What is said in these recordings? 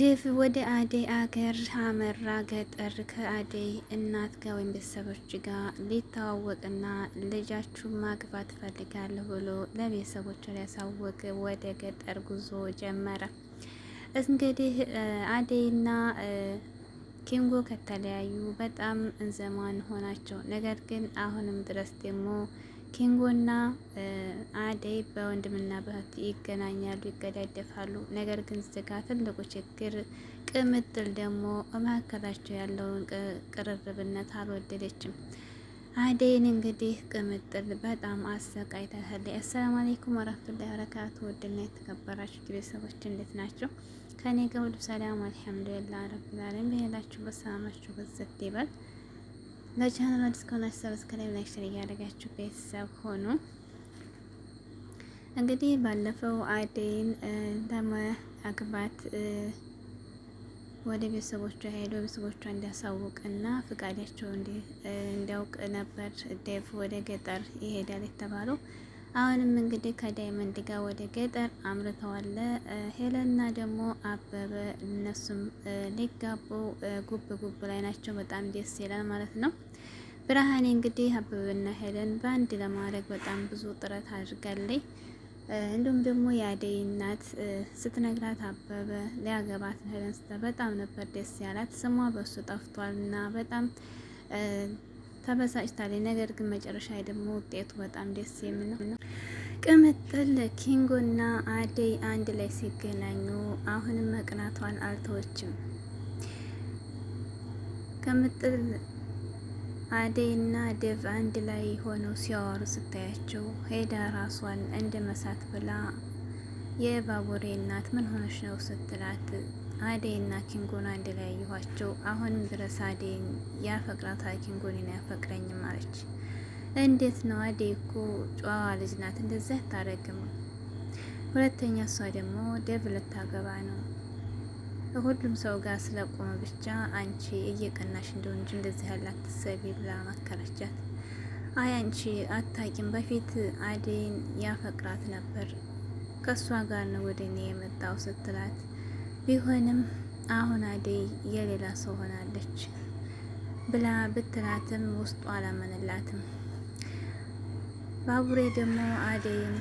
ዴቭ ወደ አደይ አገር አመራ። ገጠር ከአደይ እናት ጋር ወይም ቤተሰቦች ጋር ሊተዋወቅና ልጃችሁ ማግባት ፈልጋለሁ ብሎ ለቤተሰቦች ሊያሳወቅ ወደ ገጠር ጉዞ ጀመረ። እንግዲህ አደይና ኪንጎ ከተለያዩ በጣም ዘመን ሆናቸው። ነገር ግን አሁንም ድረስ ደግሞ ኪንጎና አደይ በወንድምና በህት ይገናኛሉ፣ ይገዳደፋሉ። ነገር ግን ዝጋ ትልቁ ችግር ቅምጥል ደግሞ መካከላቸው ያለውን ቅርርብነት አልወደደችም። አደይን እንግዲህ ቅምጥል በጣም አሰቃይታለች። አሰላሙ አለይኩም ወራህመቱላሂ ወበረካቱ። ውድና የተከበራችሁ ቤተሰቦች እንዴት ናቸው? ከኔ ጋር ሁሉ ሰላም አልሐምዱሊላህ ረቢል ዓለሚን። በሄላችሁበት በሰላማችሁ በዘት ይበል። ለቻናል አዲስ ከሆናችሁ ሰብስክራይብ፣ ላይክ፣ ሼር እያደረጋችሁ ቤተሰብ ሆኑ። እንግዲህ ባለፈው አደይን ለማግባት ወደ ቤተሰቦቿ ሄዶ ቤተሰቦቿ እንዲያሳውቅና ፍቃዳቸው እንዲያውቅ ነበር ዴቭ ወደ ገጠር ይሄዳል የተባለው። አሁንም እንግዲህ ከዳይመንድ ጋር ወደ ገጠር አምርተዋል። ሄለና ደግሞ አበበ እነሱም ሊጋቡ ጉብ ጉብ ላይ ናቸው። በጣም ደስ ይላል ማለት ነው። ብርሃኔ እንግዲህ አበበና ሄለን በአንድ ለማድረግ በጣም ብዙ ጥረት አድርጋለች። እንዲሁም ደግሞ የአደይ እናት ስትነግራት አበበ ሊያገባት ሄለን በጣም ነበር ደስ ያላት። ስሟ በሱ ጠፍቷልና በጣም ተበሳጭታለች። ነገር ግን መጨረሻ ደግሞ ውጤቱ በጣም ደስ የሚል ነው። ቅምጥል ኪንጎና አደይ አንድ ላይ ሲገናኙ አሁንም መቅናቷን አልተወችም። ቅምጥል አደይና ደቭ አንድ ላይ ሆነው ሲያወሩ ስታያቸው ሄዳ ራሷን እንደ መሳት ብላ የባቡሬ እናት ምን ሆነች ነው ስትላት አደይ እና ኪንጎን አንድ ላይ ያየኋቸው። አሁንም ድረስ አደይን ያፈቅራታል፣ ኪንጎንን ያፈቅረኝም አለች። እንዴት ነው አደይ እኮ ጨዋ ልጅ ናት፣ እንደዚህ አታረግም። ሁለተኛ እሷ ደግሞ ደብ ልታገባ ነው። ሁሉም ሰው ጋር ስለቆመ ብቻ አንቺ እየቀናሽ እንደሆን እንጂ እንደዚህ ያለ አትሰቢ ብላ መከረቻት። አይ አንቺ አታቂም፣ በፊት አደይን ያፈቅራት ነበር፣ ከእሷ ጋር ነው ወደ እኔ የመጣው ስትላት ቢሆንም አሁን አደይ የሌላ ሰው ሆናለች ብላ ብትላትም ውስጡ አላመነላትም። ባቡሬ ደግሞ አደይም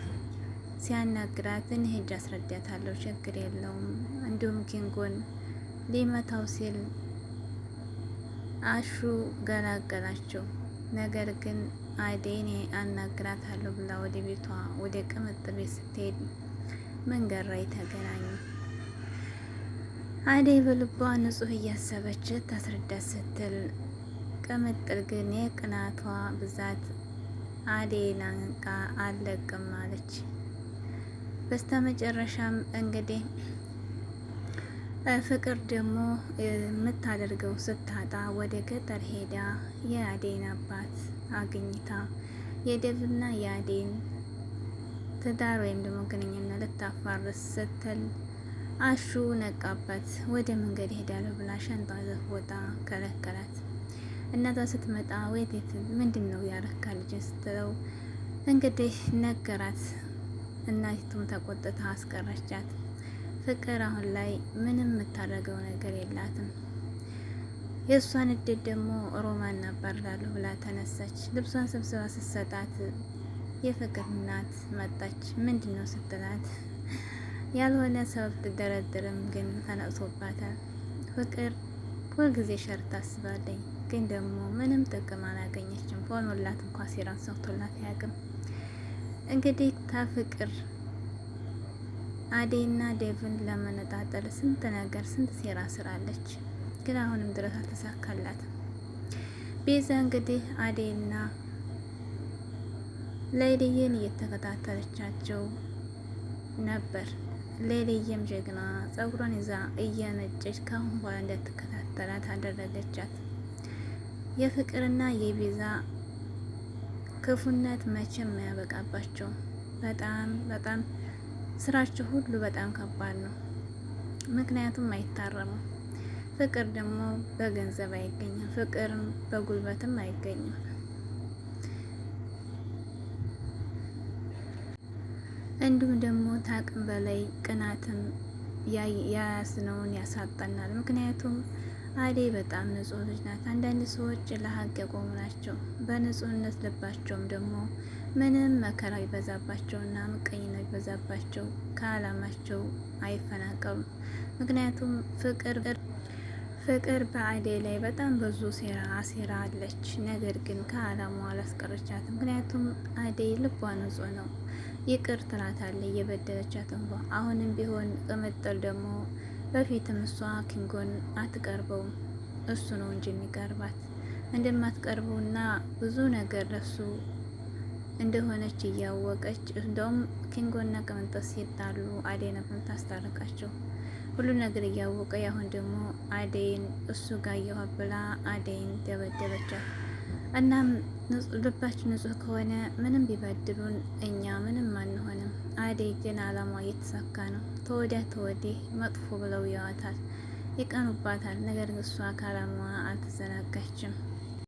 ሲያናግራት እኔ ሄጄ አስረዳታለሁ፣ ችግር የለውም እንዲሁም ኪንጎን ሊመታው ሲል አሹ ገላገላቸው። ነገር ግን አደይ እኔ አናግራታለሁ ብላ ወደ ቤቷ ወደ ቅምጥ ቤት ስትሄድ መንገድ ላይ ተገናኙ። አደይ በልቧ ንጹህ እያሰበች ታስረዳት ስትል ቅምጥል ግን የቅናቷ ብዛት አደይን አንቃ አለቅም አለች። በስተመጨረሻም እንግዲህ ፍቅር ደግሞ የምታደርገው ስታጣ ወደ ገጠር ሄዳ የአዴን አባት አግኝታ የደብና የአዴን ትዳር ወይም ደግሞ ግንኙነት ልታፋርስ ስትል አሹ ነቃባት። ወደ መንገድ ሄዳለሁ ብላ ሻንጣ ዘፍ ወጣ ከለከላት። እናቷ ስትመጣ ወይቴት ምንድን ነው ያረካ ልጅ ስትለው እንግዲህ ነገራት። እናቲቱም ተቆጥታ አስቀረቻት። ፍቅር አሁን ላይ ምንም የምታደርገው ነገር የላትም። የእሷን እድል ደግሞ ሮማን እናባርራለሁ ብላ ተነሳች። ልብሷን ስብስባ ስትሰጣት የፍቅር እናት መጣች። ምንድን ነው ስትላት ያልሆነ ሰው ብትደረድርም ግን ተነቅቶባታል። ፍቅር ሁልጊዜ ሸር ታስባለኝ፣ ግን ደግሞ ምንም ጥቅም አላገኘችም። ሆኖላት እንኳ ሴራን ሰርቶላት አያውቅም። እንግዲህ ታፍቅር አዴና ዴቭን ለመነጣጠል ስንት ነገር ስንት ሴራ ስራለች፣ ግን አሁንም ድረስ አልተሳካላትም። ቤዛ እንግዲህ አዴና ላይድዬን እየተከታተለቻቸው ነበር። ሌሊየም ጀግና ጸጉሯን ይዛ እየነጨች ከአሁን በኋላ እንዳትከታተላት አደረገቻት። የፍቅርና የቤዛ ክፉነት መቼም ማያበቃባቸው በጣም በጣም ስራቸው ሁሉ በጣም ከባድ ነው። ምክንያቱም አይታረሙም። ፍቅር ደግሞ በገንዘብ አይገኝም፣ ፍቅርም በጉልበትም አይገኝም። እንዲሁም ደግሞ ከአቅም በላይ ቅናትም ያያዝነውን ያሳጣናል። ምክንያቱም አዴ በጣም ንጹህ ልጅ ናት። አንዳንድ ሰዎች ለሀቅ የቆሙ ናቸው። በንጹህነት ልባቸውም ደግሞ ምንም መከራ ይበዛባቸውና ምቀኝነት ይበዛባቸው ከዓላማቸው አይፈናቀሉም። ምክንያቱም ፍቅር ፍቅር በአዴ ላይ በጣም ብዙ ሴራ አሴራ አለች። ነገር ግን ከዓላማዋ አላስቀረቻት። ምክንያቱም አዴ ልቧ ንጹህ ነው። ይቅር አለ እየበደለቻት እንኳ አሁንም ቢሆን ቅምጥል ደግሞ በፊትም እሷ ኪንጎን አትቀርበውም እሱ ነው እንጂ የሚቀርባት እንደማትቀርበውና ብዙ ነገር ለሱ እንደሆነች እያወቀች እንደውም ኪንጎና ቅምጥል ሲጣሉ አደይ ነበር ታስታርቃቸው ሁሉ ነገር እያወቀ አሁን ደግሞ አደይን እሱ ጋር እየዋበላ አደይን ደበደበቻት። እናም ልባችን ንጹህ ከሆነ ምንም ቢበድሉን እኛ ምንም አንሆንም። አደይ ግን አላማ እየተሳካ ነው። ተወዲያ ተወዲህ መጥፎ ብለው ያዋታል፣ ይቀኑባታል። ነገር ግን እሷ ካላማዋ አልተዘናጋችም።